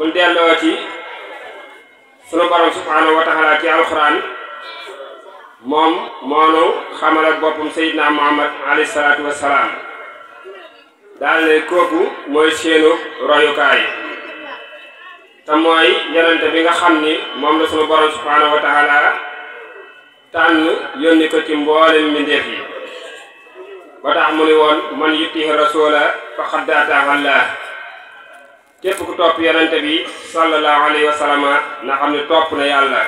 bul delloo sunu borom subhanahu wa taala ci alquran mom moonu xamal ak bopum sayidna muhammad alayhi Salatu Wassalam daal ne kooku mooy seenu royukaay ta moy yonente bi nga xamni mom la sunu borom subhanahu wa taala tan ko ci mi def yi ba tax mu ni man yittihi rasula fa daataahu allah képp ku topp yonente bi sallallahu alayhi wa sallam na xam ne topp na yàlla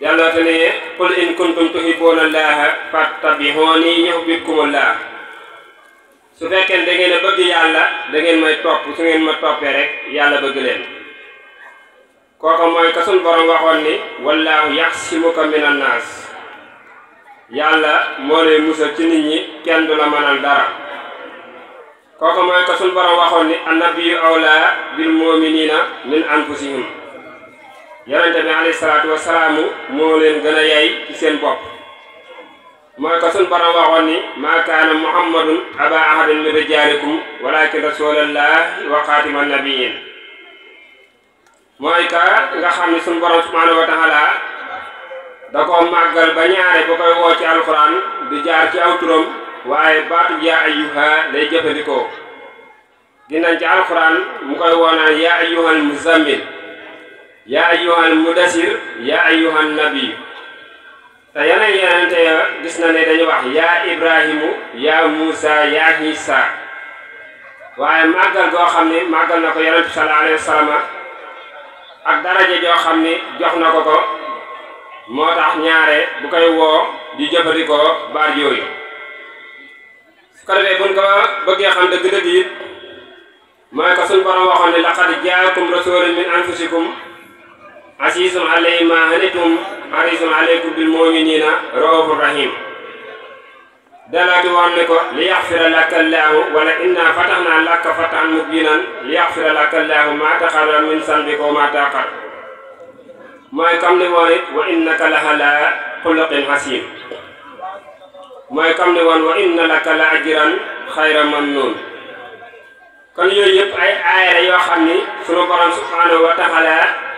yàlla te ne qul in kuntum tuhibbuuna allaha fattabi'uuni yuhbibkumullah su fekkee da bëgg yàlla da ngeen may topp su ngeen ma toppee rek yàlla bëgg leen kooka mooy ka suñ borom waxoon ni wallaahu yaxsimuka min annaas yàlla moo lay musal ci nit ñi kenn du la mënal dara koko moy ko suñ borom waxon ni annabi awla bil muminina min anfusihim yaronte bi alayhi salatu wassalam mo len gëna a ci sen bop mooy ko borom waxon ni ma kana muhammadun aba ahadin min rijalikum walakin rasulullahi wa xaatima nabiyyin moy ka nga xamni sun borom subhanahu wa taala da ko magal ba ñaare bu koy wo ci alquran du jaar ci waye baatu ayyuha lay dinañ ci alquran mu koy wona ya ayyuhal muzammil ya ayyuhal mudassir ya ayyuhan nabi ta yana yeneen ya gis na ne dañu wax ya ibrahimu ya musa ya isa waye magal go xam magal nako yaron sallallahu alaihi wasallam ak daraaje jo xam jox nako ko motax ñaare bu koy wo di jëfandikoo ko bar yoy ko defee buñ ko bëggee xam dëgg-dëgg yi mooy ko suñ borom waxoon ne laqad jaakum rasulun min anfusikum asiisun alayhi ma hanitum harisun alaykum bil muminina raufun rahim dalaati woon ne ko li yaxfira laka llaahu wala inna fataxnaa laka fatan mubinan li yaxfira laka llaahu ma taqarra min sanbika wa ma taqar mooy kam ne woon it wa innaka la ala xuluqin hasim mooy kam ne woon wa inna laka la ajran xayra mamnun kon yooyu yëpp ay aaya yoo xam ni sunu borom subhanahu wa taala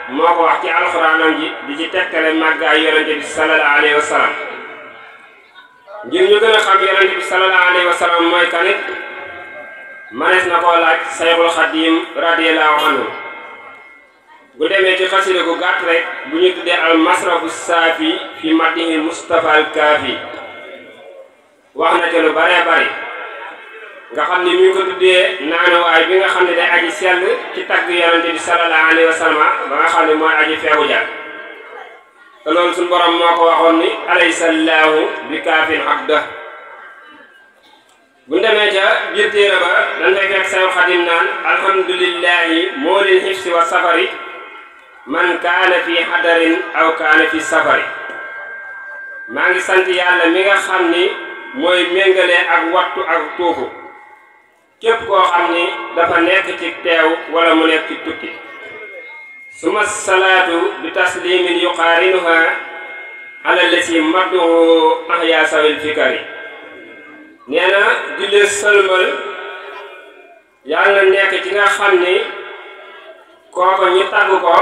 moo ko wax ci alxuraanam ji di ci tekkale màggaay yonente bi sallallahu alayhi wa ñu gën a xam yonente bi sallallahu alayhi wa sallam mooy kanit manees na koo laaj sayxul xadim radiyallahu anhu bu demee ci xasida gu gàtt rek bu ñu tuddee al masrafu saafi fi madihi mustapha kaafi wax na ca lu baree bari nga xam mi ko tuddé nana way bi nga xam day aji sel ci tag yaronte bi sallallahu alayhi wa sallam ba nga xam ne aji feewu jar te loolu suñu borom moko waxon waxoon ni alaysallahu bi kaafin abda bu demee ja biir téere ba dañ lay fekk sayu khadim nan alhamdulillahi moolil xifsi wa safari man kana fi hadarin aw kana fi safari maa ngi sant yàlla mi nga xam moy méngale ak wattu ak tuufu képp koo xam ni dafa nekk ci teew wala mu nekk ci tukki suma salaatu bi taslimin yuqaarinuha ala lati ci ahya sawil fikari nee na jullee sëlmal yàlla nekk ci nga xam ni kooko ñu tagg ko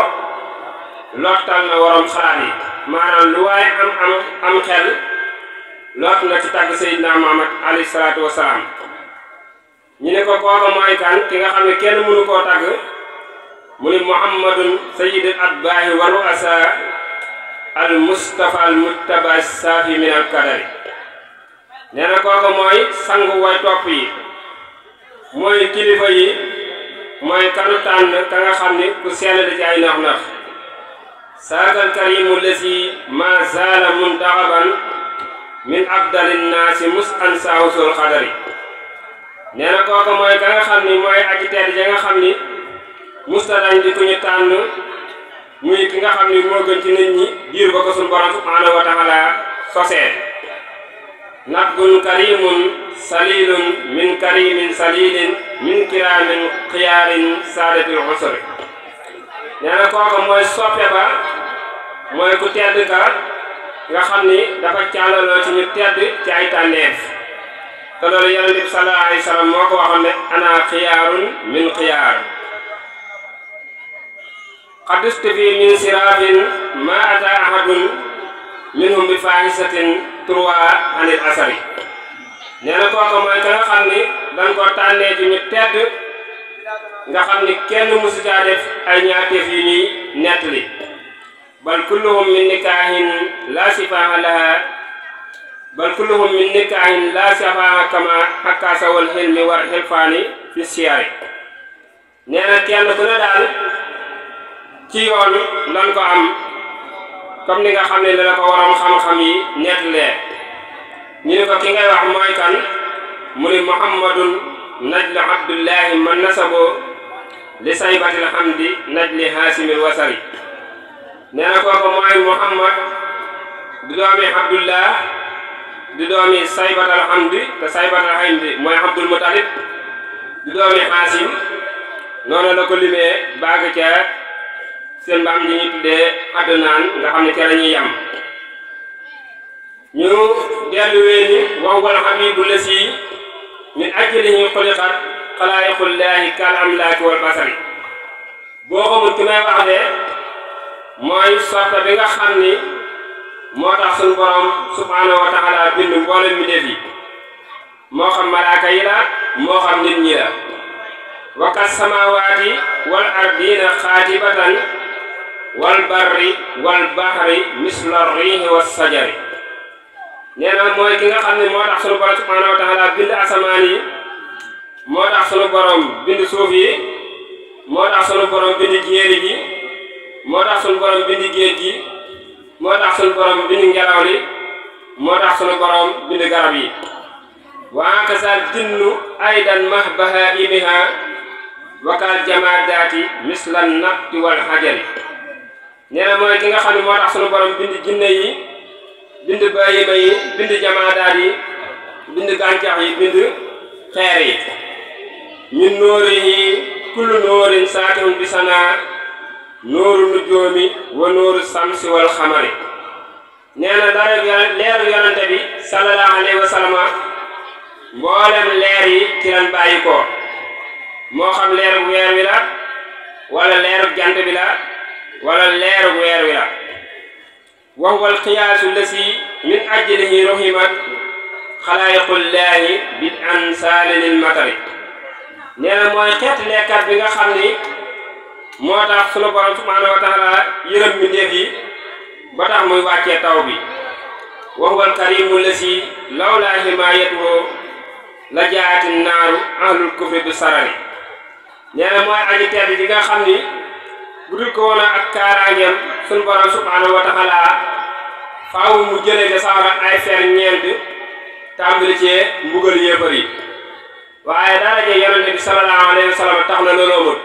lottal na waroom xalaat yi maanaam lu am am am xel lot na ci tagg Seydina Muhammad alayhi salatu wasalaam ñu ne ko kooka mooy kan ki nga xam ne kenn mënu koo tagg mu ni muhammadun sayyidul atbaahi wa ru'asa al mustafa al muttaba saafi min al kadari nee na kooka mooy sangu way topp yi mooy kilifa yi mooy kanu tànn ka nga xam ni ku sell ci ay nax-nax saakal karimu lesi ma zaala muntaxaban min abdalin naasi mus ansaahu xadari nee na kooka mooy ka nga xam ni mooy aji tedd ja nga xam ni musta dañ di ku tànn muy ki nga xam ni moo gën ci nit ñi diir ba ko suñu borom subhanahu wa taala sosee nabgun karimun salilun min karimin salilin min kiraamin xiyaarin saadatil usri nee na mooy soppe ba mooy ku tedd ka nga xam ni dafa càllaloo ci ñu tedd ci ay tànneef te loolu yonent bi sallallahu alayhi wa sallam moo ko waxoon ne ana xiyaarun min xiyaar xadistu fi min siraafin ma ata ahadun minhum bi faahisatin turwa anil asari nee na kooku mooy ka nga xam ni dañ ko tànnee ci ñu tedd nga xam ni kenn musu caa def ay ñaateef yu ñuy nettali bal kulluhum min nikaahin la sifaaha laha bal kulluhum min nikaahin la shafaa kama hakkaasa wal xilmi war xilfaani fi siyaari nee na ku ne daal ci yoon lan ko am comme ni nga xam ne dana ko waroon xam-xam yi nettalee ñu ne ko ki ngay wax mooy mu ni muhammadun najlu abdullahi man nasabo li saybatil hamdi najli haasimil wasari nee na kooku mooy muhammad du doomi abdullah di doomi saybat al hamdi saybat al mooy abdul mutalib di doomi xaasim noonu la ko limee baag ca seen mbaam ji ñu tuddee adnaan nga xam ne ca la yam ñu delluwee ni wa wal habibu lasi min ajlihi xuliqat xalaayiqullaahi kal amlaaki wal basari boo xamul ki may wax de mooy sorta bi nga ni moo tax suñu borom subhaanahu wa bind mboolem mi def yi moo xam malaaka yi la moo xam nit ñi la wakas samawaati wal ardina xaatibatan wal barri wal bahri misla riihi wa sajari nee na mooy ki nga xam ne moo tax sunu borom subhaanahu wa taala bind asamaan yi moo tax sunu borom bind suuf yi moo tax sunu borom bind jéeri ji moo tax sunu borom bind géej gi moo tax suñu borom bind ngelaw li moo tax suñu borom bind garab yi waakasal jinnu aydan mah bahaimiha wakal jamaadaati mislan naqti wal xajal nee na mooy ki nga xam ne moo tax suñu borom bind jinne yi bind bahima yi bind jamaadaat yi bind gàncax yi bind xeer yi ñun nóori yi kullu nóorin saatihun bi sanaa نور النجوم ونور الشمس والخمر نانا دار لير يونتبي صلى الله عليه وسلم مولم لير تيران بايكو مو خم لير وير ولا لير جاند بلا ولا لير وير ولا وهو القياس الذي من اجله رحمت خلائق الله بالامثال للمطر نانا موي خيت ليكات بيغا خامني moo tax sunu borom subhaanahu wa taala yërëm yi ba tax muy wàccee taw bi wa huwa alkarimu lasi lawlaa himaayatuhu la jaati naaru ahlul kufri bi sarari nee na mooy aji ji nga xam ni bu dul ko woon ak kaaraangeem sunu borom subhaanahu mu jëlee ca sawara ay fer ñeent tàmbali cee mbugal yéefar yi waaye daraja yonente bi sallallahu alayhi wa sallam tax na loolu amut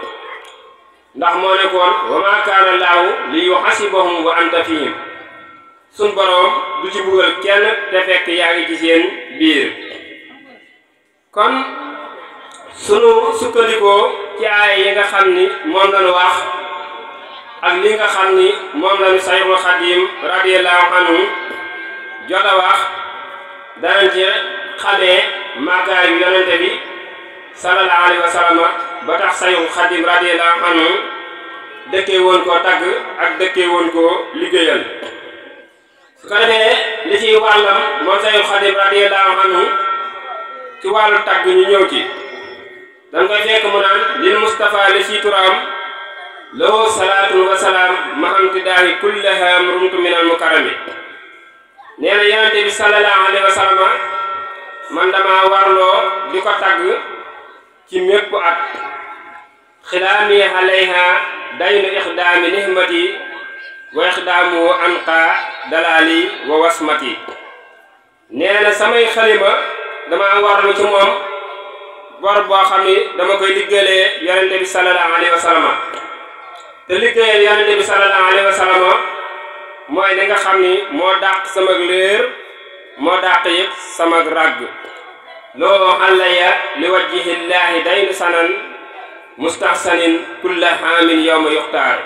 ndax moo nekkoon wa maa kaana laahu li yuhasibahum wa anta suñ boroom du ci buggal kenn te fekk yaa ngi ci seen biir kon sunu sukkandikoo ci aaya yi nga xam ni moom lañu wax ak li nga xam ni moom lañu Sayxul Xadiim radiyallaahu anhu jot a wax danañ ci xamee màggaay yu yonente bi sallallahu alayhi wa sallam ba tax sayum xadim radiyallahu anhu dëkkee woon koo tagg ak dëkkee koo liggéeyal su ko defee li ciy wàllam moom sayum xadim radiyallahu anhu ci wàllu tagg ñu ñëw ci dañ fekk mu naan lil Mustafa li ci turaam lahu salaatu wa salaam mahamtidaayi kullaha murumtu min na yonente bi sallallahu alayhi wa sallam man dama warloo di ko tagg ci mépp at xilaami alayha daynu ixdaami nihmati wa ixdaamu anqa dalaali wa wasmati nee na samay xalima dama warlu ci moom bor boo xam ni dama koy liggéeyee yonente bi sallallahu alayhi wa sallama mooy li nga xam ni moo dàq samag léer moo dàq yëpp samag ràgg loo allaya li wajjihi llaahi daynu sanan mustahsanin kulla haamin yowma yuxtaar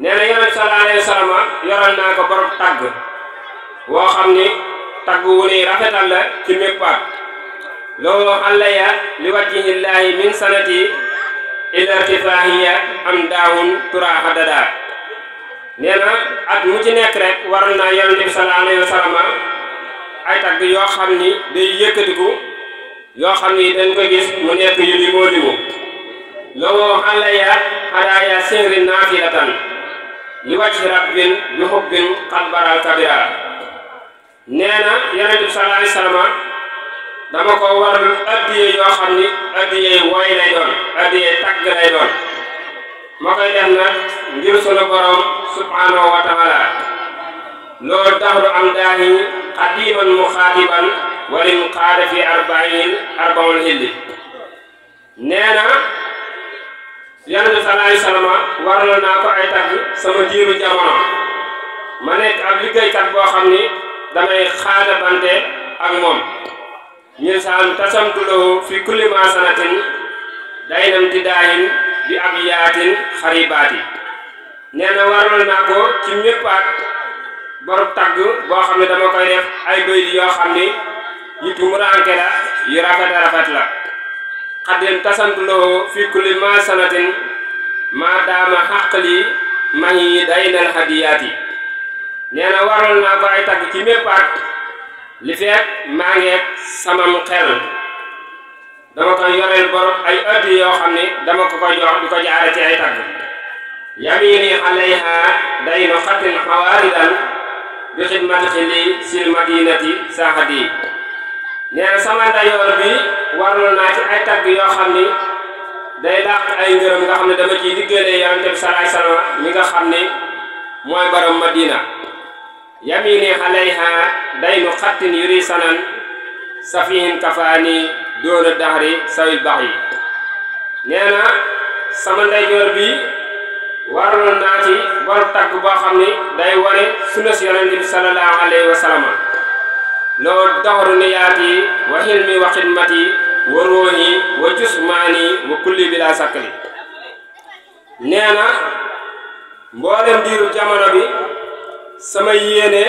nee na yonent sallallahu yoral naa ko borom tagg woo xam ni tagg wu ni rafetal ci mépp at loo allaya li wajjihi llaahi min sanati ilartifaahiya am daawun turaaxa dadaa nee na at nekk rek waral naa yonent bi sallallahu alayhi ay tagg yoo xam ni day yëkkatiku yoo xam ni dañ ko gis mu nekk yu limoo limu lowoo alaya xadaaya singri naafilatan li wàcc rabbin bi xubbin xat baral kabira nee na yonente bi sallallahu alayhi wasallam dama ko war addiyee yoo xam ni addiyee woy lay doon addiyee tagg lay doon ma koy def nag ngir sunu borom subhanahu wa taala لو الدهر أمداني قديما مخاطبا ولم قاد في أربعين أربعون هلي نانا yonent bi salaay salama waraloon naa ko ay tagg sama jiiru jamono ma nekk ab liggéeykat boo xam ni damay xaada bante ak moom ñun saan tasam duloo fi kulli ma sanatin daynam ti daayin bi ab yaatin xaribaati nee na waraloon naa ko ci mépp at borom tagg boo xam ne dama koy def ay bayit yoo xam ni yu tumuranke la yu rafet rafet la xaddim tasantuloo fi kulli ma sanatin maa daama xaqli ma ngi day nal xadiyaat yi nee na waral naa ko ay tagg ci mépp at li feet maa ngeeg samam xel dama koy yoreel borom ay addi yoo xam dama ko koy jox di ko ci ay tagg yamini alayha day nu xatin bi xidmati li sil madinati sahadi. nee sama ndayor bi warul na ci ay tag yo xamni day dàq ay ngeerum nga xamni ne dama ciy diggalee yonente bi salaay wasallam mi nga xamni moy borom madina yamini alayha day nu xattin yuri sanan safihin kafani doona dahri sawil bax neena sama ndayor bi waroon naa ci bon boo xam ni day wane sunna si yonente bi sallallahu alayhi wa sallam loo daxaru niyaati wa xilmi wa xidmati wa ruuhi wa kulli bila sakkali nee na mboolem diiru jamono bi sama yéene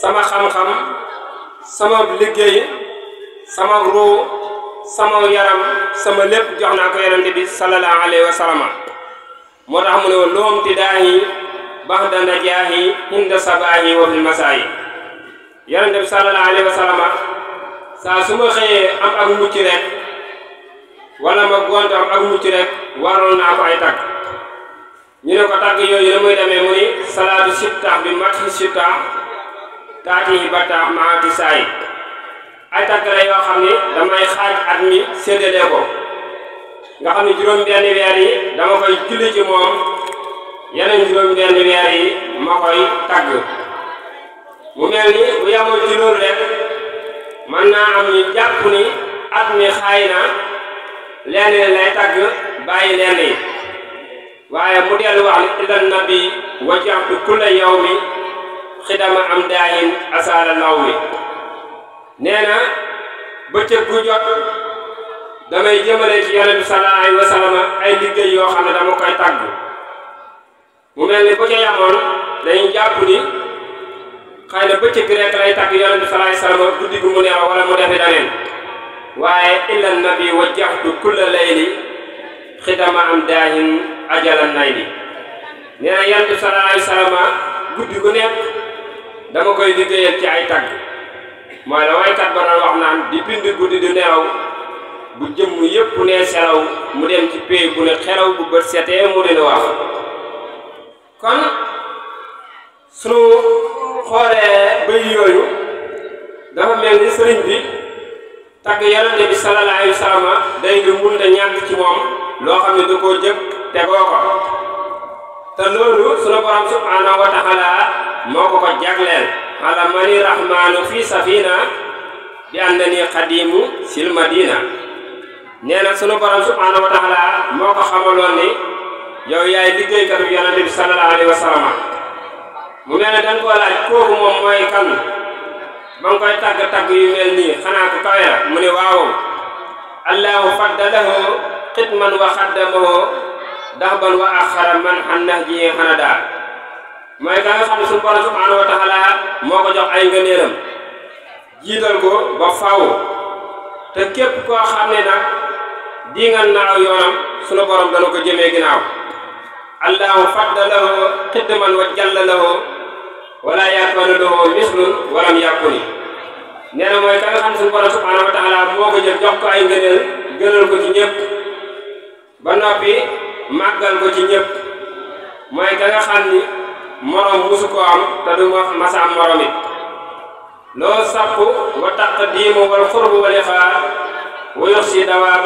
sama xam-xam sama liggéey sama ruu sama yaram sama lépp jox naa ko yonente bi moo tax mu ne wa loom ti daahi bax da najaahi inda sabaahi wa fil masaayi yonente bi sallallahu alayhi wa sallama saa su ma xëyee am ak mucc rek wala ma gonto am ak mucc rek waroon naa ko ay tagg ñu ne ko tagg yooyu la muy demee mu ni salaatu sitta bi matxi sitta taatihi batta maati saayi ay tagg la yoo xam ni damay xaaj at mi séddalee ko nga xam ne juróom benn weer yi dama koy julli ci moom yeneen juróom benn weer ma koy tagg mu mel ni bu yamul ci loolu rek mën naa am ñu jàpp ni at mi xaay na leneen lay tagg bàyyi leneen waaye mu dellu wax ni ilan nabi wajjahtu kulla yawmi xidama am daayin asaala law mi nee na bëccëg gu jot damay jëmale ci yonent bi sallallahu alayhi wa sallam ay liggéey yoo xam ne dama koy tàgg mu mel ni bu ca yamoon dañuy jàpp ni xëy na bëccëg rek lay tàgg yonent bi sallallahu alayhi guddi gu mu neex wala mu defe daneen waaye illa nabi wajjahtu kulla layli xidama am daahin ajalan nayli nee na yonent bi sallallahu alayhi guddi gu nekk dama koy liggéeyal ci ay tàgg mooy la waykat ba doon wax naan di bind guddi du neew bu jëm yépp ne selaw mu dem ci pee bu ne xelaw bu bët sété mu ne la wax kon sunu xoolee bëy yooyu dafa mel ni sëriñ bi tagg yonente bi sallallahu alayhi wa day lu mun a ñàkk ci moom loo xam ne da koo jëkk tegoo ko te loolu suñu borom subhanahu wa taala moo ko ko jagleel ala mani rahmanu fi safina bi ànd qadimu sil silmadina neena sunu borom subhanahu wa taala moko xamalon ni yow yaay liggey kat yonent nabi sallallahu alaihi wasallam mu neena ne ko laaj kooku moom moy kan bang koy tag tag yu mel ni xana ko kawe mu ni waaw allah faddalahu qitman wa khaddamahu dahban wa akhara man xannax ji hanada moy ka nga xamni sunu borom subhanahu wa taala moko jox ay ngëneelam jital ko ba faaw te kep ko xamne nak diingal na aw yoonam sunu borom dana ko jëmee ginnaaw allahu faddalahu xidman wa jallalahu wala yaakanu lahu mislun walam yàkkuni nee na mooy ka xam sunu borom subhanahu wa taala moo ko jël jox ko ay ngëneel gënal ko ci ñëpp ba noppi màggal ko ci ñëpp mooy ka nga ni morom musu ko am te du ma masa am loo sàpp wa taq diimu wal xurbu wal ixaar wa yox si dawaa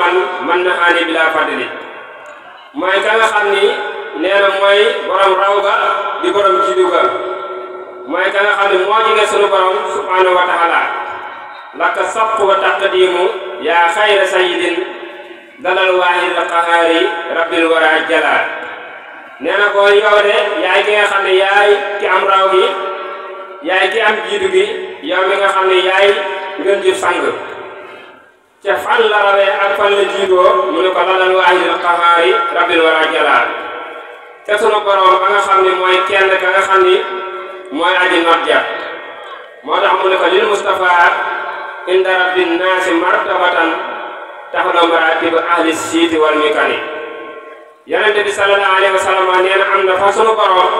man na xaani bi laa fàttali mooy ka xam ni nee mooy borom raw ga di borom jiddu ga mooy ka xam ni moo jige sunu borom subhanahu wa taala laka sabqu wa taqdimu yaa xayra sayidin dalal waahid qahaari rabbil wara jalaa nee na yow de yaay ki nga xam ne yaay ki am raw gi yaay ki am jiitu gi yow mi nga xam ne yaay ngën ji sang ca fan la rawee ak fan la jiigoo mu ne ko lalal waahidil qahaari rabbil wara jalaal te sunu borom ba nga xam ni kenn ka nga xam ni aji not ja moo tax mu ne ko lil Mustafa inda rabbin naasi martabatan taxuloo maratibu ahli siiti wal mikani yonente bi sallallahu alayhi wa sallam nee na am na fa sunu borom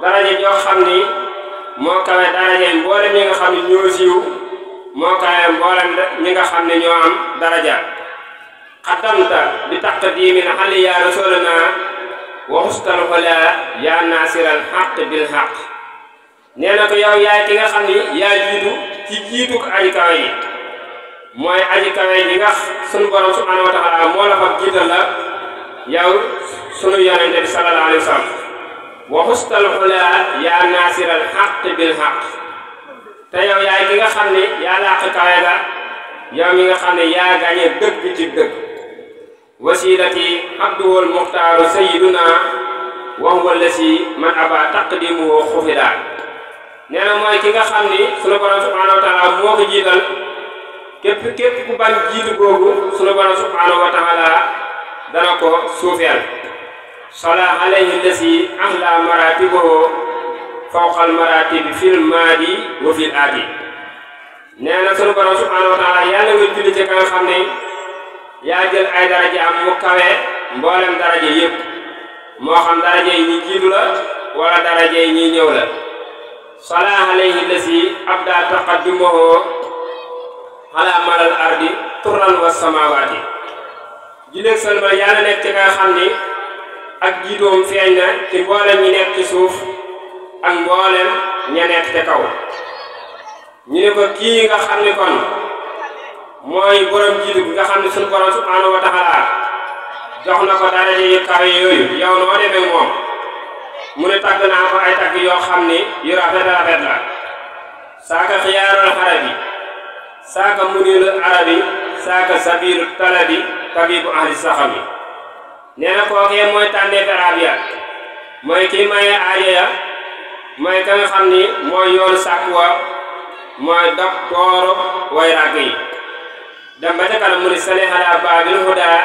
daraje joo xam ni moo kawe daraje mboolem ñi nga xam ñoo siiw mootaayam mboolem ñi nga xam ne ñoo am daraja xatamta bi taqdimin ali ya rasulana wa xustal xola ya nasiral xaq bil xaq nee na ko yow yaay ki nga xam ni yaa jiitu ci jiitu ko aji yi mooy aji kawe yi nga sunu borom subhanahu wa taala moo la fa jiital la yow sunu yonente bi sallallahu alayhi wa sallam wa xustal xola xaq bil xaq te yow yaay ki nga xam ne yaa làq kawe ga yow mi nga xam ne yaa gañe dëgg ci dëgg wasilati abduwal muxtaaru sayiduna wa huwa lasi man aba taqdimuhu xufidaa nee na mooy ki nga xam ni sunu borom subhanahu wa taala moo ko jiital képp képp ku bañ jiitu googu sunu borom subhanahu wa taala dana ko suufeel sola alayhi lasi ahla maratibahu fawqal maratib fil maadi wa fil aati nee na sunu borom subhaanahu wa yàlla nga julli ci xam ne yaa jël ay daraja am mu kawe mboolem daraja yëpp moo xam daraja yi ñi jiitu la wala daraja yi ñi ñëw la salaa alayhi lasi abda taqaddumahu ala malal ardi turan wa samawaati julleeg sëlmal yàlla nekk ci ka xam ni ak jiitoom feeñ na ci mboolem nekk ci suuf ak mbooleem ñeneet te kaw ñu ko kii nga xam ne kon mooy borom jiitu bi nga xam ne suñu borom subhanahu wa jox na ko daraja yu kaw yooyu yow noo demee moom mu ne tàgg ko ay tàgg yoo xam ni yu rafet rafet la saaka xiyaarul arabi saaka muniirul arabi saaka sabiiru talabi tabibu ahli saxami nee na kookee mooy tànnee arab ya mooy kii maye aaja ya mooy ka nga xam ni mooy yoonu sàkk wa mooy dog tooru way ràgg yi dem mu ni sali xalaa baabil hudaa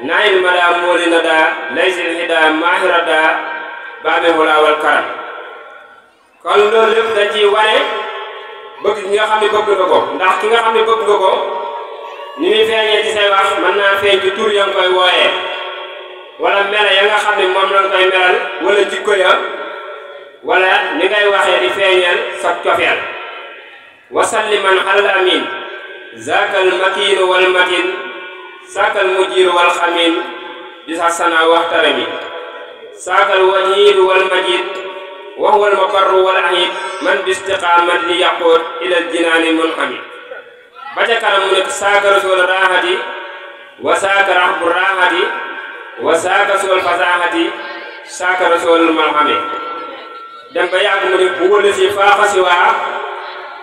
naayil madaa móolina daa laysil hidaa maahira daa baabi hulaa wal karam kon loolu lépp da ci wane bëgg ki nga xam ne bëgg ko ndax ki nga xam ne bëgg nga ko ni muy feeñee ci say wax mën mela ya moom la melal wala jikko wala ni ngay waxe di feñal sa tiofel wa salliman alamin zakal makin wal makin sakal mujir wal khamin bi sa sana waxtarami sakal wajid wal majid wa huwa al wal ahid man bi istiqamat li yaqut ila al jinan al munhamid ba nek sakar sul rahadi wa sakar rahbu rahadi wa sakar fazahati sakar sul malhamid dem ba yàgg mu ne buwala si faaxa si waa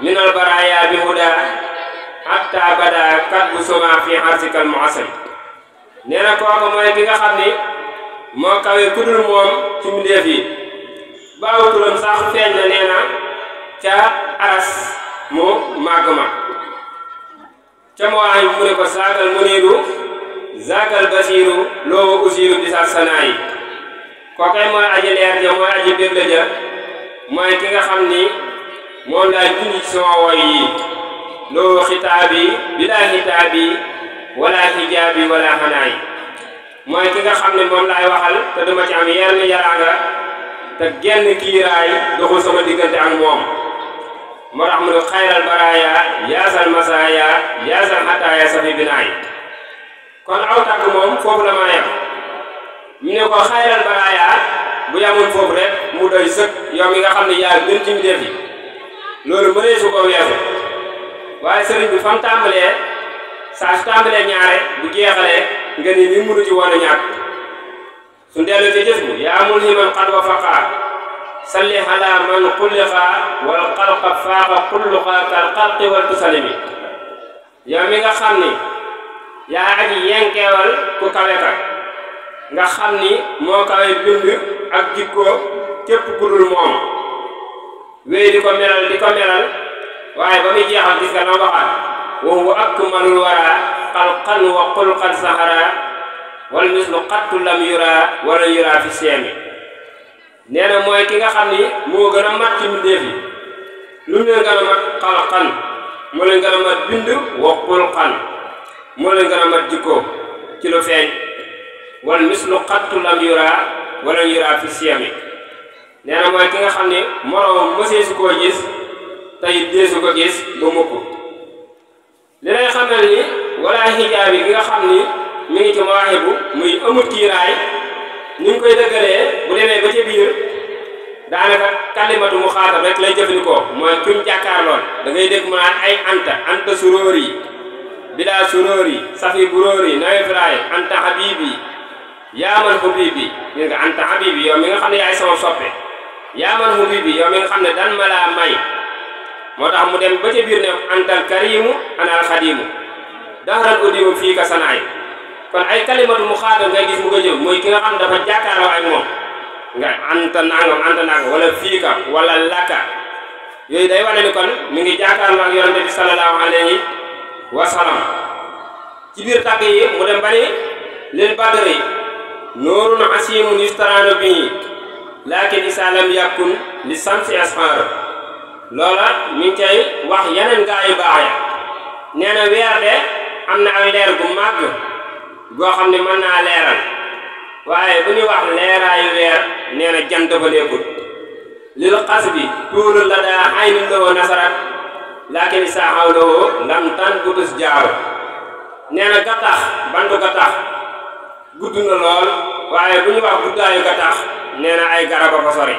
minal baraaya bi huda hatta bada kat bu soma fi arsikal muasal nee na kooku mooy ki nga xam ni moo kawe kudul moom ci mbindeef baawu turam sax feeñ na nee ca aras mu màgg ma ca mowaay mu ne ko saagal muniiru zagal basiiru loowu usiiru di sa sanaayi kookoy mooy aji leer ja mooy aji bégle ja mooy ki nga xam ni moom laay junj sama yi loo xitaabi bilaa xitaabi wala xijaabi wala xanaay mooy ki nga xam ne moom laay waxal te dama ci am yenn yaraanga te genn kiiraay doxul sama diggante ak moom moo tax mu ne xayral baraaya yaasal masaaya yaasal xataaya safi binaay kon aw moom foofu la maa yem ñu ne ko xayral baraaya bu yamoon foofu rek mu doy sëkk yow mi xam ne yaa gën ci mbindeef loolu mënee su ko weesu waaye sëriñ bi fam tàmbalee saa su tàmbalee ñaare bu jeexalee nga ni li munu ci woon a su ndellu ci jës yaa mun himan xat wa faqaa salli ala man xulliqa wal xalqa faaqa xulluqa kal xalqi wal tusalimi yow mi nga xam ni yaa aji yenkeewal ku kawe ka nga xam ni moo kawe bind ak jikkoo képp ku dul moom wéy di ko melal di ko melal waaye ba muy jeexal gis nga nam waxaat wa huwa akmalul wara xalqan wa xulqan sahara wal mislu xattu lam yura wala yura fi seemi nee na mooy ki nga xam ni moo gën a mat ci mbindéef yi lu mu leen gën a mat xalqan moo leen gën a mat bind wa xulqan moo leen gën a mat jikkoo ci lu feeñ wal mislu xattu lam yuraa wala yuraa fi siyami nee na mooy ki nga xam ne moroomam mësee su koo gis tey deesu ko gis ba mukk li lay xamal ni wala xijaab yi gi nga xam ni mi ngi ci mawaahibu muy amul kiiraay ni ngi koy dëggalee bu demee ba ca biir daanaka kalimatu mu xaatab rek lay jëfandikoo mooy kuñ jàkkaarloon da ngay dégg mu naan ay anta anta suróor yi bidaa safi buróor yi anta habiib Ya man habibi ñu nga anta habibi yow mi nga xamne yaay sama soppe Ya man habibi yow mi nga xamne dan mala may motax mu dem ba ca bir ne antal karimu al khadim dahra udimu fi ka sanay kon ay kalimatu mu xaatam ngay gis mu ko jël mooy ki nga xam dafa jakkaro ay mom nga anta nangam anta nang wala fi ka wala laka yoy day wane ni kon mi ngi jakkaro ak yonente bi sallallahu alayhi wa sallam ci bir mu dem bari len nuurun asimun yustaraanu bihi laakin isaa lam yàkkun li samsi asfaara loola mi cay wax yeneen gaa baax ya nee weer de am na ay leer gu màgg goo xam ne mën naa leeral waaye bu ñu wax leeraayu weer nee na jant lil xas bi tuuru la daa aynu loo nasarat laakin isaa xawloo lam tan gutus jaaru nee na gattax bantu gudd na lool waaye bu wax guddaayu ga tax nee ay garaba ko sori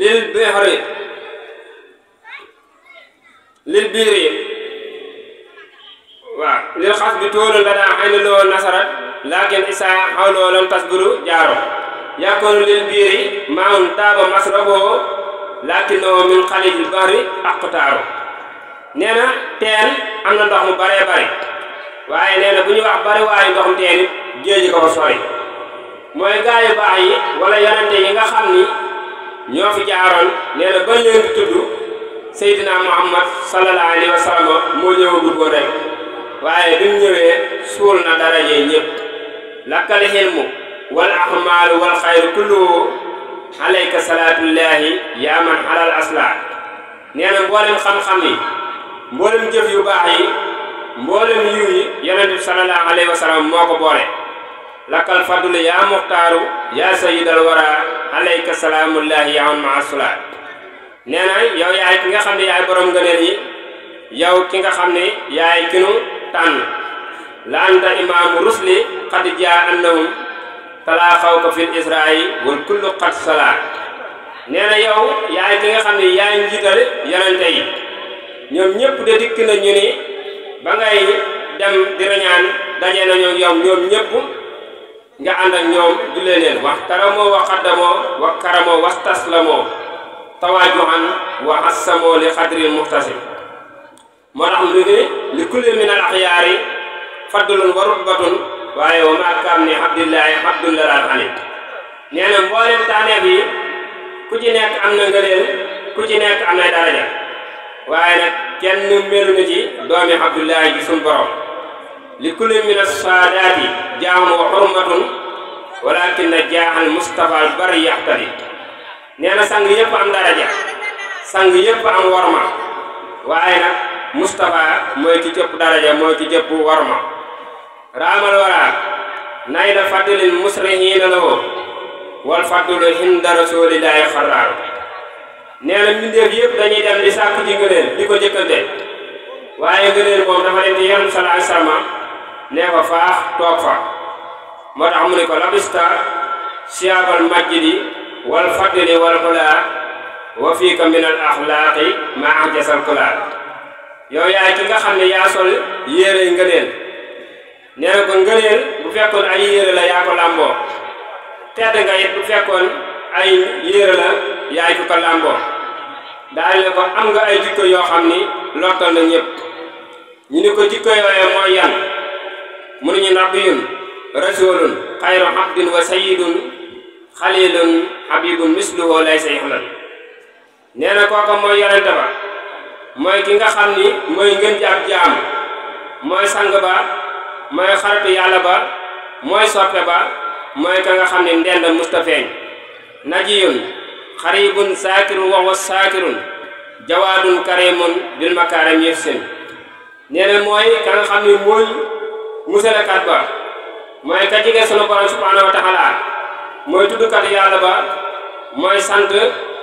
lil bihri lil biiri waaw lil xas bi tóolu la daa xëy na loo nasarat laakin isa xawloo lam tasburu jaaro yàkkoonu lil biiri maawun taaba masraboo laakinoo min xalijil bahri aqtaaru nee na teen am na ndox mu bare waaye nee na ñu wax bari waayu ndox teen géeju ko fa mooy gaa yu baax yi wala yonente yi nga xam ni jaaroon nee na ba leen tudd Seydina Muhammad sallallahu alayhi wa sallam moo ñëwagul woon rek waaye bi mu ñëwee suul na daraje ñëpp lakkal xilmu wal axmaalu wal xayru kulluhu alayka salaatullahi alal asla nee na mboolem xam-xam yi mboolem jëf yu baax yi mboolem yiw yi yonente bi sallallahu alayhi moo ko lakal fadlu yaa muxtaaru yaa sayidal wara alayka salaamullahi yaa maa sulaat nee na yow yaay ki nga xam ne yaay borom ngëneel yi yow ki nga xam ne yaay ki nu tànn la anta imaamu rusli qad jaa annahum falaa xawfa fil israa'i wal kullu qad salaa nee na yow yaay ki nga xam ne yaay njiital yonente yi ñoom ñëpp de dikk na ñu ni ba ngay dem di rañaan daje nañu yow ñoom ñëpp nga ànd ak ñoom jullee leen wax taramoo wa xaddamoo wa karamoo wa taslamoo tawaajuhan wa assamoo li moo tax mu ne kulli min al axyaari faddulun wa rutbatun waaye wa maakaam ni abdillahi abdullalaal xalit nee na mboolem taaneef yi ku ci nekk am na ngëneel ku ci nekk am na daraja waaye nag kenn melu na doomi abdullahi ji suñ li kulli min assaadaati jaaxun wa xurmatun walakin jaaxal Mustafa al bari yaxtali nee na sang yëpp am daraja sang yëpp am warma waaye nag Mustafa mooy ci daraja mooy ci warma raamal wara nay da fadlil musrihiina lahu wal fadlu hinda rasulillahi xaraaru nee na mbindeef yëpp dañuy dem di sàkk ji ngëneel di ko jëkkante waaye ngëneel moom dafa leen di yoon sama nee ko faax toog fa moo tax mu ne ko labista siyaabal majjidi wal fadli wal xulaa wa fiika min al axlaaqi ma anjasal kulaa yow yaay ki nga xam ne yaa sol yére ngëneel nee ko ngëneel bu fekkoon ay yére la yaa ko làmboo tedd nga bu fekkoon ay yére la yaay ko ko làmboo daal ne ko am nga ay jikko yoo xam ni lottal na ñëpp ñu ni ko jikko yooye mooy yan mu ne ñu nabiyun rasulun xayru abdin wa sayidun xalilun habibun misluhu lay say xalal kooka mooy yonente mooy ki nga xam ni mooy ngën ji ab jaam mooy sang ba mooy xaritu yàlla mooy soppe mooy ka nga xam ne ndend mustafeeñ najiyun xaribun saakirun wa wa saakirun jawaadun karimun bil makaarim yëf seen nee mooy ka xam ne mooy musalekat ba mooy ka jege sunu borom subhanahu wa taala mooy tuddkat yàlla ba mooy sant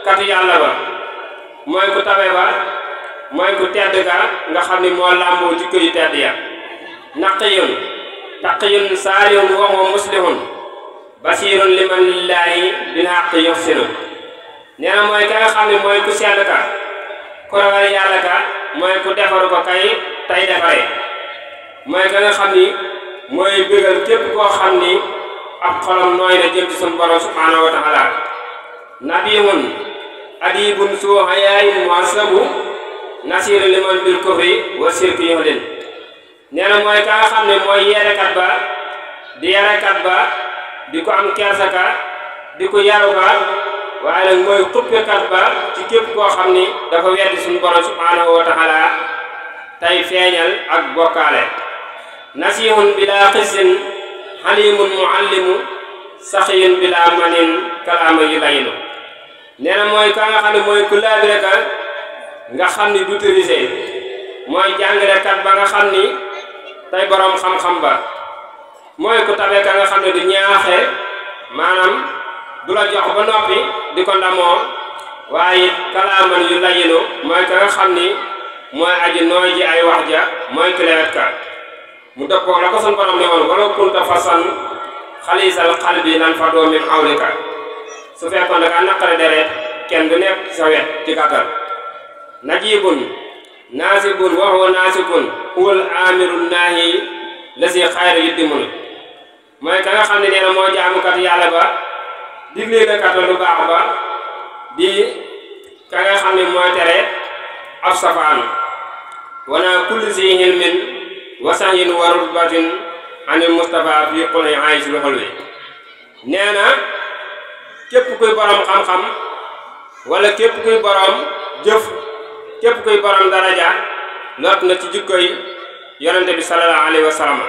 kat yàlla ba mooy ku tabe ba mooy ku tedd ka nga xam ni moo làmboo jikko yu tedd ya naqiyun taqiyun saaliyun wa huwa muslihun basirun liman lillaahi bil haqqi yuhsinu nee na mooy ka nga xam ni mooy ku sell ka ku yàlla ka mooy ku defaru ko kay tey defare mooy ka nga xam ni mooy bégal képp koo xam ni ab xolam nooy na jëm ci sun borom subhanahu wa taala nabiyun adibun suu hayaayin muhasabu nasiru liman bil wa sirki yuhlin mooy ka xam ne mooy yerekat ba di yerekat ba di ko am kersaka di ko yaru ba waaye nag mooy ba ci képp koo xam ni dafa weddi suñu borom subhanahu wa feeñal ak bokkaale nasihun bila xisin xalimun muallimu saxiyun bila manin kalaama yu layinu nee mooy ka nga xam mooy ku laabire ka ah, nga xam ni du tërise mooy jàngalekat ba nga ni tey boroom xam-xam ba mooy ku tabe ka nga du ñaaxe maanaam du la jox ba noppi di ko ndamoo waaye kalaaman yu layinu mooy ka ni mooy aji nooy ay wax ja mooy kilewet ka mu dëppoo la ko sunu borom ne woon wala kunta fasan xalisal qalbi lan fa doo min awlika su fekkoon da ngaa naqare deret kenn du nekk sa wet ci gàttal najibun naasibun wa huwa naasibun huwal amirun naahi la si xayra yuddimun mooy ka xam ne nee na moo jaamukat yàlla ba digleekat lu baax ba di ka xam ne mooy tere ab safaan wana kulli si hilmin wasayin wa rutbatin anil Moustapha fii xul ay si loxol wi nee na képp kuy borom xam-xam wala képp kuy borom jëf képp kuy lot na ci jikkoy yonente bi sallallahu alayhi wa sallam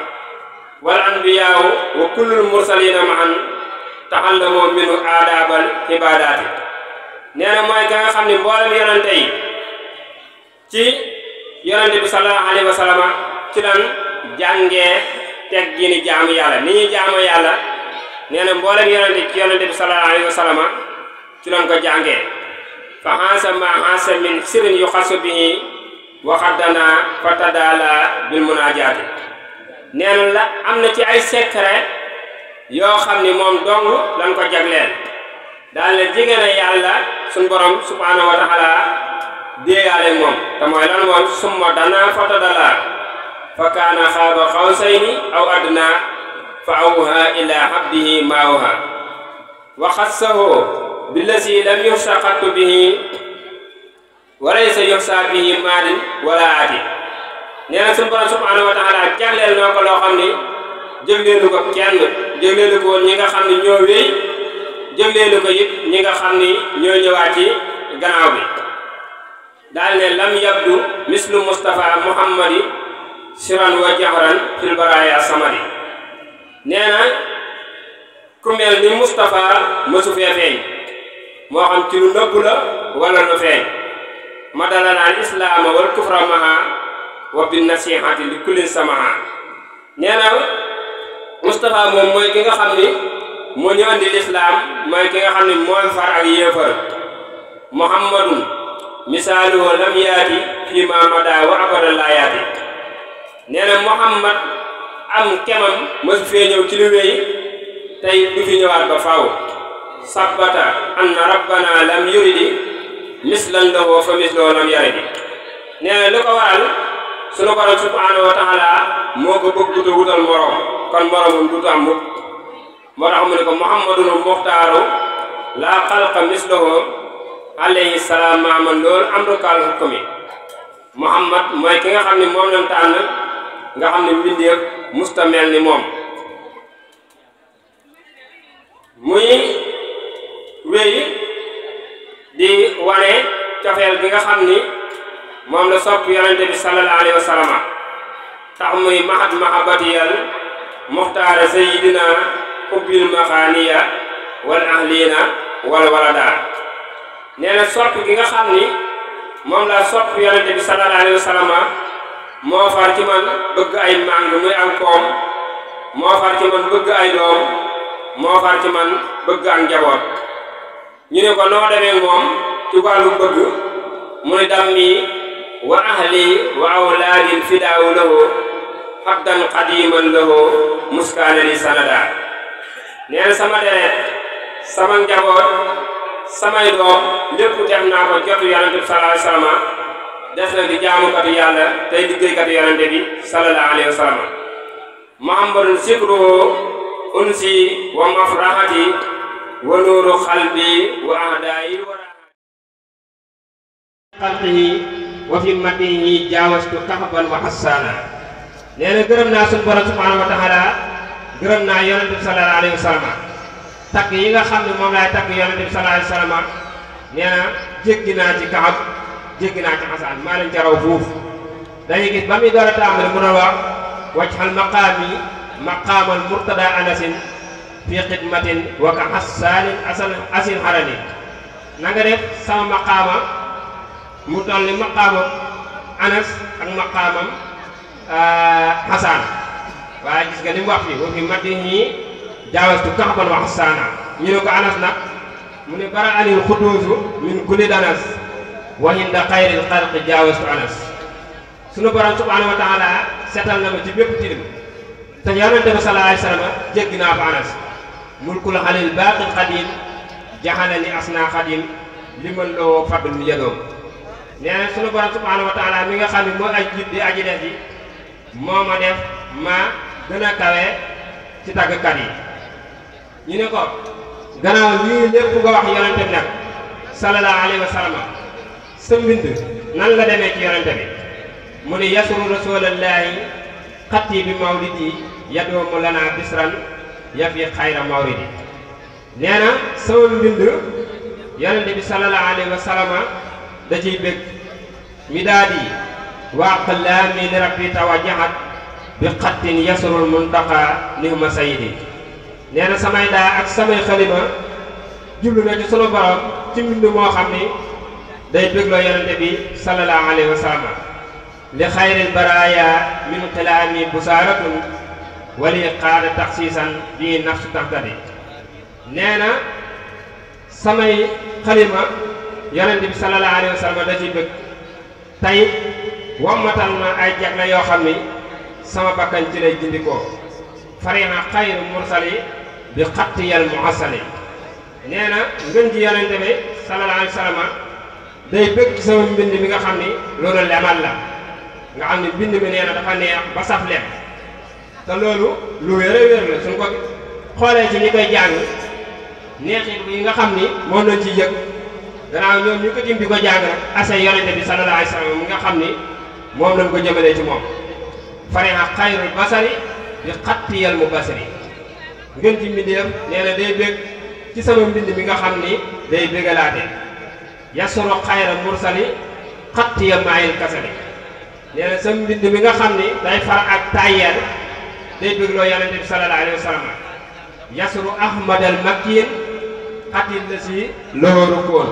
wa kullul mursalina ma an taxallamoo minu aadaabal ibaadaati nee mooy ka nga xam ne mboolem yonente yi ci ci lan jàngee teggini jaamu yàlla ni ñuy jaamu yàlla nee na mboolem yonente ci yonente bi sallallahu alayhi wa sallam ci lan ko jàngee fa hansa ma hansa min sirin yu xasu bihi waxaddana fatadaala bil munaajaati nee na la am na ci ay secret yoo xam ni moom dong lan ko jagleel daal ne jigéen a yàlla suñ borom subhaanahu wa taala déeyaale moom te lan moom summa dana fatadaala fa kaana xaaba xawsayni aw adnaa fa awhaa ilaa abdihi ma awhaa wa xassahu billasi lam yuxsa xattu bihi wa laysa yuxsa bihi maalin wala aati nee na suñu borom subhaanahu wa taala jagleel noo ko loo xam ni jëgleelu ko kenn jëgleelu ko ñi nga xam ni ñoo wéy jëgleelu ko ñi nga xam ni ñoo ñëwaat ci bi daal ne lam yabdu mislu Mustafa Muhammadi siran wa jahran fil baraya samari nee na ku mel ni Moustapha moo xam ci lu nëbb la wala ma dala islaama wal kufra wa bin nasihati li kullin samaha nee na Moustapha xam ni moo ñu andi lislaam mooy xam ni mooy far ak yéefar muhammadun misaaluhu lam yaati fii ma wa abada nee na Muhammad am kemam mësu fee ñëw ci lu wéy tey du fi ñëwaat ba faaw sabbata anna rabbana lam yuridi mislan lahu fa misloo lam yaridi nee na lu ko waral sunu borom subhanahu wa taala moo ko bëgg te wutal morom kon moromam duutu am mukk moo tax mu ne ko muhammadul muxtaaru laa xalqa mislahu alayhi salaam maaman am rukaal hukmi muhammad mooy ki nga xam ne nga xam ne mbindeef mustamel ni moom muy wéy di wane cofeel bi nga xam ni moom la sopp yonente bi sallallahu alayhi wa sallama tax muy mahat mahabatiyal muxtaara sayidina xubbil maxaaniya wal ahliina wal waladaar nee na sopp gi nga xam ni moom la sopp yonente bi sallallahu alayhi moo far ci man bëgg ay màng muy am koom moo far ci man bëgg ay doom moo far ci man bëgg ak njaboot ñu ne ko noo demee moom ci wàllu bëgg mu ne dammi wa ahli wa awlaadin fidaawu lahu xabdan qadiman lahu muskaane li sanada nee sama deret sama njaboot samay doom lépp def naa ko jotu yàlla sallallahu alayhi wa des na di jaamukatu yàlla tey liggéeykatu yonente bi sallallahu alayhi wa sallam mahambarun sikruhu unsi wa mafrahati wa nuuru xalbi wa ahdaayil wara xalqihi wa fi matihi jaawastu kahban wa hassana nee na gërëm naa suñu borom wa taala gërëm naa yonente bi sallallahu wa sallam takk yi nga xam ne moom laay takk yonente bi sallallahu wa sallam nee na naa ci kaxab jéggi naa ci xasaan maa leen ca raw fuuf dañuy gis ba muy door a tàmbali mun a wax wajhal maqaami maqaamal murtada anasin fi xidmatin wa ka xasaanin asal asin xarani na nga def sama maqaama mu toll ni maqaamam anas ak maqaamam xasaan waaye gis nga li mu wax fi wa fi matihi jaawastu kaxban wa xasaana ñu ne ko anas nag mu ne bara anil xuduusu min kulli danas wa inda khairil xalqi jaawastu anas sunu borom subhanahu wa taala setal na ma ci bepp tilim te yaron nabi sallallahu alaihi wasallam jéggi naa fa anas mulkul xalil baqi qadim jahana li asna qadim liman loo fadl mu yadoom nee sunu borom subhanahu wa taala mi nga xamni mo ay aj di aji def yi moo def ma gën kawé kawe ci tàggkat yi ñu ne ko gannaaw lii lepp nga wax yaron nabi sallallahu alaihi wasallam sa mbind nan la demee ci yonente bi mu ni yasru rasulallaahi xatti bi mawlid yi yadoomu lanaa bisran yafi xayra mawlid yi nee na sama mbind yonente bi sallallahu alayhi wa sallama da ciy bëgg mi daa di waaqu laami li rabbi tawajjahat bi xattin yasurul muntaqa nihuma sayidi nee na samay daa ak samay xalima jublu na ci sunu borom ci mbind moo xam ni day deglo yonente bi sallallahu alayhi wasallam li khayr al baraya min kalami busaratun wa li taxsiisan takhsisan bi nafs tahtadi neena samay khalima yonente bi sallallahu alayhi wasallam da ci bëgg tay wamatal ma ay jagna yo xamni sama bakkan ci lay jindiko farina khayr mursali bi xattiyal muasali nee na ngën ji yonente bi sallallahu alayhi wasallam day bëgg ci sama mbind mi nga xam ni loolu lemal la nga xam ni mbind mi nee na dafa neex ba saf lem te loolu lu wér a wér la suñ ko xoolee ci ñi koy jàng neexit yi nga xam ni moom lañ ci yëg gannaaw ñoom ñu ko tim di ko jàng rek asay yonente bi sallallahu alayhi mi nga xam ni moom lañ ko jëmalee ci moom fariha xayrul basari di xattiyal mu basari ngeen ci mbindeem nee na day bëgg ci sama mbind mi nga xam ni day bëggalaate yasuru xayra mursali xatti maayil kasali nee na sa mbind mi nga xam ni day ak tayyeel day bégloo yonent bi sallallahu alayhi wa sallam yasuru ahmad al makkiyin xatin la si looru koon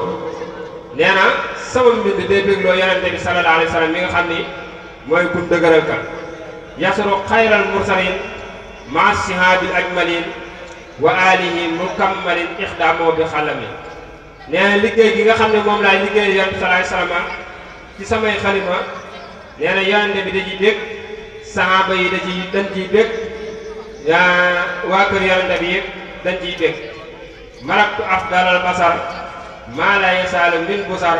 sama mbind day bégloo yonent bi sallallahu wa sallam mi nga xam ni mooy kum dëgëral kan yasuru xayral mursalin maa sihabil ajmalin wa alihi mukammalin ixdaamoo bi xalamin nee liggéey gi nga xam ne moom laay liggéey yonent salaay salama ci samay xalima nee na yonent bi da ciy bég saxaaba yi da ciy dañ ciy bég waa kër yonent bi yëpp dañ ciy bég maraktu afdalal basar maa la yasaalu min busar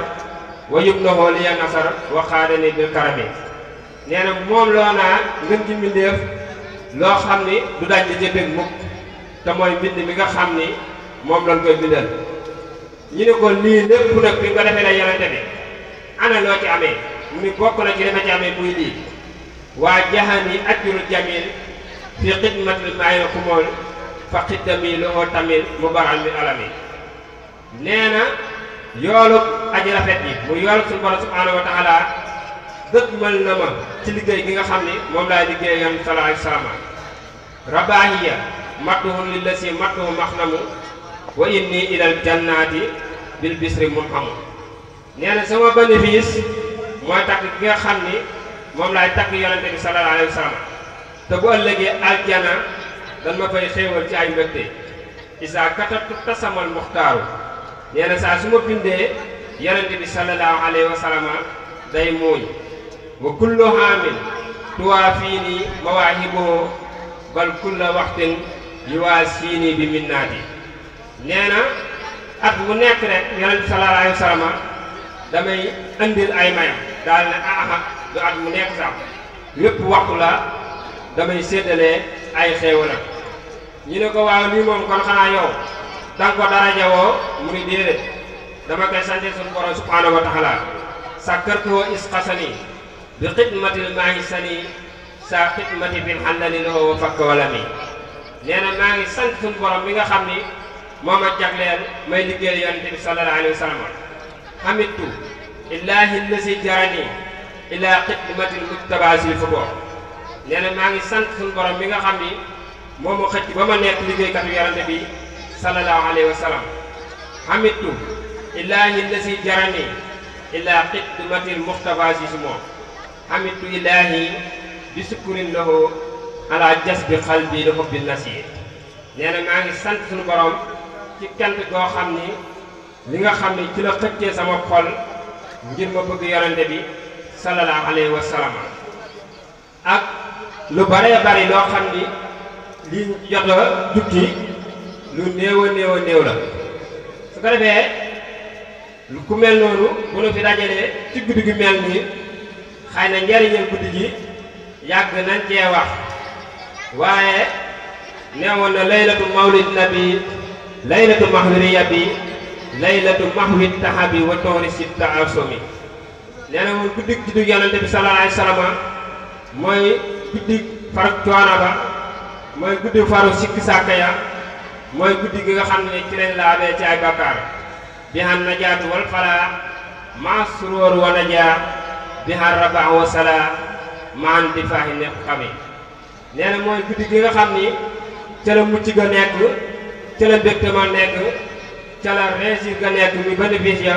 wa yubnahu liya nasar wa xaadani bil karami nee na moom loo naa ngën ci mbindeef loo xam ni du dañ di ca bég mukk te mooy mbind mi nga xam ni moom lañ koy bindal ñu ne ko lii lépp nag bi nga defee la yonente bi ana ci amee mu ni bokk na ci li ma ci amee muy lii waa yi ajjuru jamil fi xidmatil maayi na xumool fa xiddami lu oo tamil mu baran bi alami nee na yoolu aji rafet yi mu yoolu suñu borom subhanahu wa taala na ma ci liggéey gi nga xam ni moom laay liggéey yoon sallallahu alayhi wa sallam rabaahiya mattuhu lillasi mattuhu maxnamu wa inni ilal jannaati bil bisri moom xamul nee na sama bénéfice mooy takk ki xam ni moom laay takk yonente bi sallallahu alayhi wa te bu ëllëgee aljana dan ma fay xéewal ci ay mbégte isa katabtu tasamal muxtaaru nee saa su ma bindee yonente bi sallallahu alayhi day muuñ wa kullu haamin tuwaa fii nii mawaahiboo bal kulla waxtin yuwaas fii nii bi minnaati nee na at bu nekk rek yonent bi sallallahu alayhi wa damay indil ay mayam daal ne aha ah, du at mu nekk sax yépp waxtu la damay séddalee ay xéewalam ñu ne ko waaw lii moom kon xanaa yow danga ko daraja woo mu ni déedéet dama koy sante suñu borom subhanahu wa taala sa kartuwo isqasani bi xidmatil maa ngi sani sa xidmati bil xandali loo wa fakk nee na maa ngi sant suñu borom bi nga xam ni moo ma jagleel may liggéeyal yonent bi sallallahu alayhi wa sallam hamidtu illaahi jarani ila xidmatil mujtabasi football nee na maa ngi sant suñu borom mi nga xam ni moom xëcc ba ma nekk liggéeykatu yonent bi sallallahu alayhi wa sallam hamidtu illaahi jarani ila xidmatil mujtabasi su moom hamidtu illaahi bi sukkurin lahu ala jas bi xal bi nasir nee na ngi sant suñu borom ci cant goo xam ni li nga xam ni ci la xëccee sama xol ngir ma bëgg yorante bi sallallahu alayhi wa ak lu baree bari loo xam ni li jot a jukki lu néew a néew la su ko defee ku mel noonu bu nu fi dajalee ci guddi gi mel nii xëy na njariñal guddi gi yàgg nañ cee wax waaye neewoon na laylatul mawlid nabi laylatu mahwi riyabi laylatu mahwi tahabi wa toori si taasumi nee na moom guddig juddug yonente bi sallallahu alayhi mooy guddig farug coona ba mooy guddig faru sikki sàkka ya mooy guddi gi nga xam ne ci lañ laabee ci ay bakkaar bi han najaatu wal falaa maa suróor wa najaa bi han rabaa wa salaa maan di faahi nekk xami nee na mooy guddi gi nga xam ni ca la mucc ga nekk ca la mbégte ma nekk ca la réussite ga nekk muy ya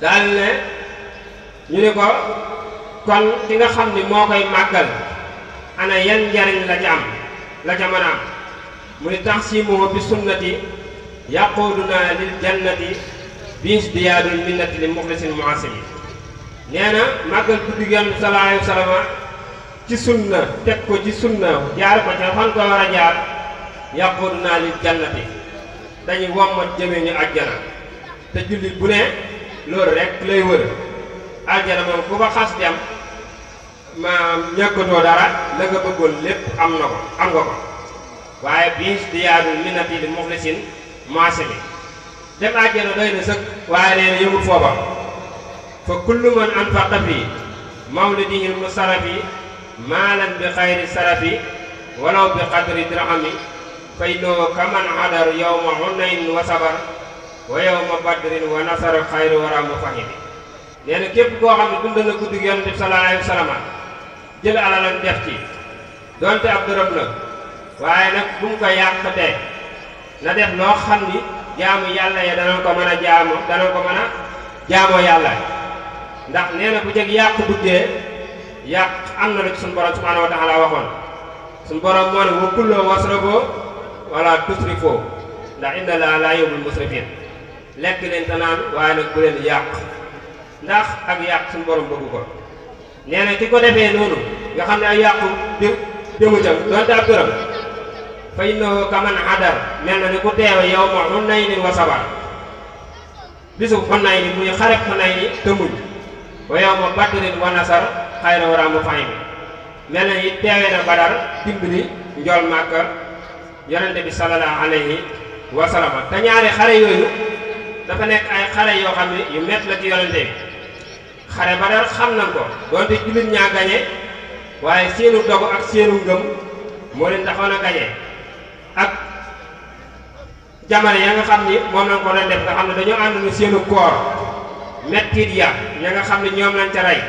daal ne ñu ne ko kon ki nga xam ni moo koy màggal ana yan njariñ la ca am la ca a am mu ni tax simoo bi sunnati yaquduna lil jannati bis diyaadul minnati li muxlisin muasim nee na màggal guddi Yonent sallallahu alayhi wa ci sunna teg ko ci sunna jaar ko ca fan war a jaar yaquduna lil jannati dañuy wommat jëmee ñu ajjana te jullit bu ne loolu rek lay wër ajjana moom ku xas dem maam ñàkkatoo dara la bëggoon lépp am na ko am nga ko waaye biis di yaadul minati li muxlisin maase bi dem ajjana doy na sëkk waaye nee na foofa fa kullu man anfaqa fi mawlidihi musarafi maalan bi xayri sarafi walaw bi qadri dirhami فإنه كمن عذر يوم حنين وصبر ويوم بدر ونصر خير ورام فهم nee na képp koo xam ne dund na guddi yonent bi sallallahu alayhi wa sallam jël alalam def ci donte ab dërëm la waaye nag bu mu ko yàqatee na def loo xam ni jaamu yàlla ya dana ko mën a jaamu ko mën a jaamoo yàlla ndax nee bu jeg yàq guddee yàq am na lu ci suñu borom subhanahu wa taala waxoon suñu borom moo ne wa kulloo wasraboo wala tusrifoo ndax inna laa yóbbul musrifin lekk leen te waaye nag bu leen yàq ndax ak yàq suñu borom bëgg ko nee na ki ko defee noonu nga xam ne ak yàqu di jëmu ca doonte ab turam fa innahu kaman hadar mel na ni ku teewe yow ma xun nay ni wa bisu xun nay ni muy xareb xun nay ni te muñ yow ma battalin wa nasar xayra waramu fay bi mel na ni teewee na badar dimbali njool màkka yonente bi sallallahu alayhi wa sallam te ñaari xare yooyu dafa nekk ay xare yoo xam ne yu mett la ci yonente bi xare ba dara xam nañ ko doonte jullit ñaa gañe waaye seenu dogu ak seenu ngëm moo leen taxoon a gañe ak jamono ya nga xam ni moom lañ ko doon def nga xam ne dañoo ànd na koor mettit ya ya nga xam ne ñoom lañ ca rey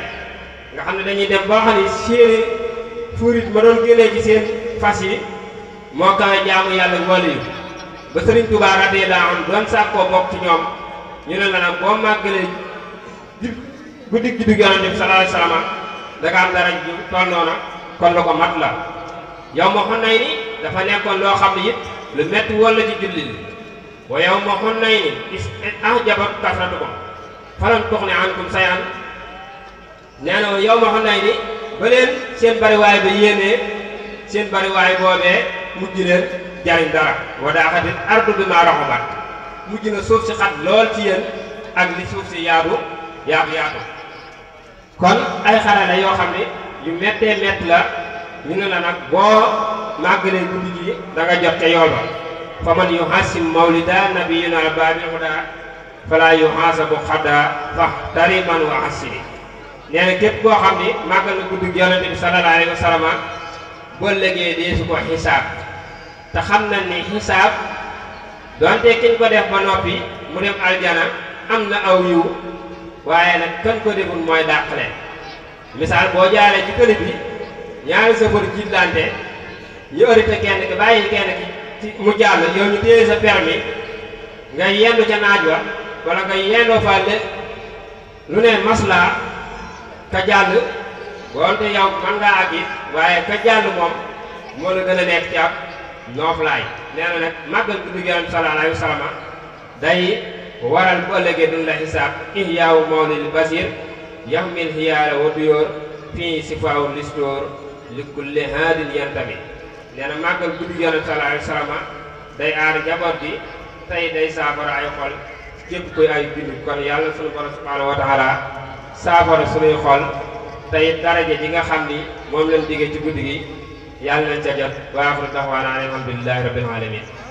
nga xam ne dañuy dem boo xam ne seeni fuurit ma doon génnee ci seen fas yi moo kawe jaamu yàlla wàllu yi ba sëriñ Tuubaa radiyallaahu anhu doon sàkkoo bokk ci ñoom ñu ne la nag boo màggalee jib guddi juddu Yonent bi sallallaahu alayhi wa sallam da nga am dara ju toll noona la ko mat la yow ma xunnay ni dafa nekkoon loo xam ne it lu métti woon ci jullit yi wa yow ma xunnay ni is ah jabat kasratu ko falam tuxni ankum sayan nee na yow ma xunnay ni ba leen seen bariwaay ba yéenee seen bariwaay boobee mujj leen jariñ dara wa daaxatil ardu bi maa raxumat mujj na suuf si xat lool ci yéen ak li suuf si yaatu yaatu yaatu kon ay xare la yoo xam ne yu mettee mett la ñu ne la nag boo màggalee guddi gi da jot ca yool ba fa man yuhasim mawlida nabiyina baabil huda fala yuhasabu xadda fax tariman wa hasini nee na képp koo xam ne màggal na guddi gi yonente bi sallallahu alayhi boo lëgee de su ko xisaab te xam na ni xisaab donte kiñ ko def ba noppi mu dem aljana am na aw yiw waaye nag kan ko deful mooy dàqale misaal boo jaaree ci këlib bi ñaari sëfër jiitlante ñu ërite kenn ki bàyyi kenn ki ci mu jàll yow ñu téye sa permis nga yendu ca naaj wa wala nga yendoo fa lu ne maslaa ka jàll wonte yow man ngaa ak waaye ka jàll moom moo la gën a nekk ci ab nooflaay nee na nag màggal guddi Yonent sallallahu alayhi wa sallam day waral bu ëllëgee duñ la xisaab ihyaawu mawlil basir yaxmil xiyaara wa duyóor fii si faaw listoor li kulli haadin yantami nee na màggal guddi Yonent sallallahu alayhi wa sallam day aar jaboot bi tey day saafara ay xol képp koy ay bindu kon yàlla sunu borom subhaanahu wa taala saafara sunuy xol tey daraja ji nga xam ni moom lañ diggee ci guddi gi yàlla nañ ca jot wa aaxiru da'waanaa alhamdulillahi rabbil aalamiin